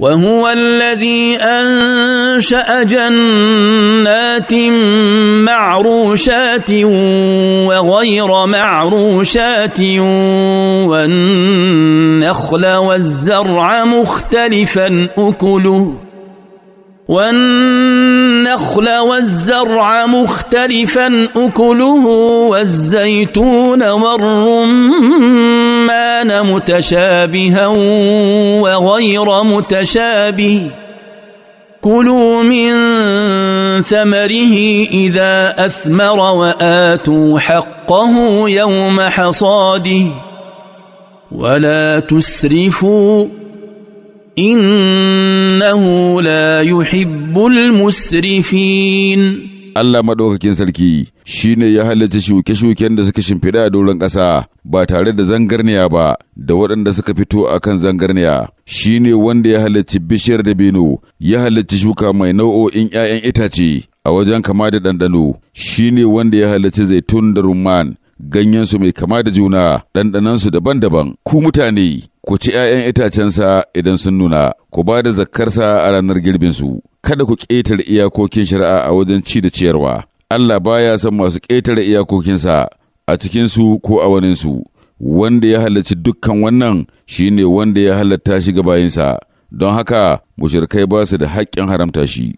وهو الذي انشا جنات معروشات وغير معروشات والنخل والزرع مختلفا اكله والنخل والزرع مختلفا اكله والزيتون والرمان متشابها وغير متشابه كلوا من ثمره اذا اثمر واتوا حقه يوم حصاده ولا تسرفوا انه لا يحب المسرفين Allah maɗaukakin sarki shi ne ya halarci shuke-shuken da suka shimfiɗa a doron ƙasa ba tare da zangarniya ba da waɗanda suka fito a kan zangarniya shi ne wanda ya halarci bishiyar dabino ya halarci shuka mai nau'o'in 'ya'yan itace a wajen kama da ɗanɗano shi ne wanda ya halarci zaitun da rumman ganyensu mai kama da juna, ɗanɗanansu daban-daban. Ku mutane, ku ci ‘ya'yan itacensa idan sun nuna, ku ba da zakkarsa a ranar girbinsu, kada ku ƙetare iyakokin shari'a a wajen ci da ciyarwa. Allah baya son masu ƙetare iyakokinsa a cikinsu ko a waninsu. Wanda ya halarci dukkan wannan shine wanda ya halatta shi ga bayinsa, don haka mushirkai ba su da haƙƙin haramta shi.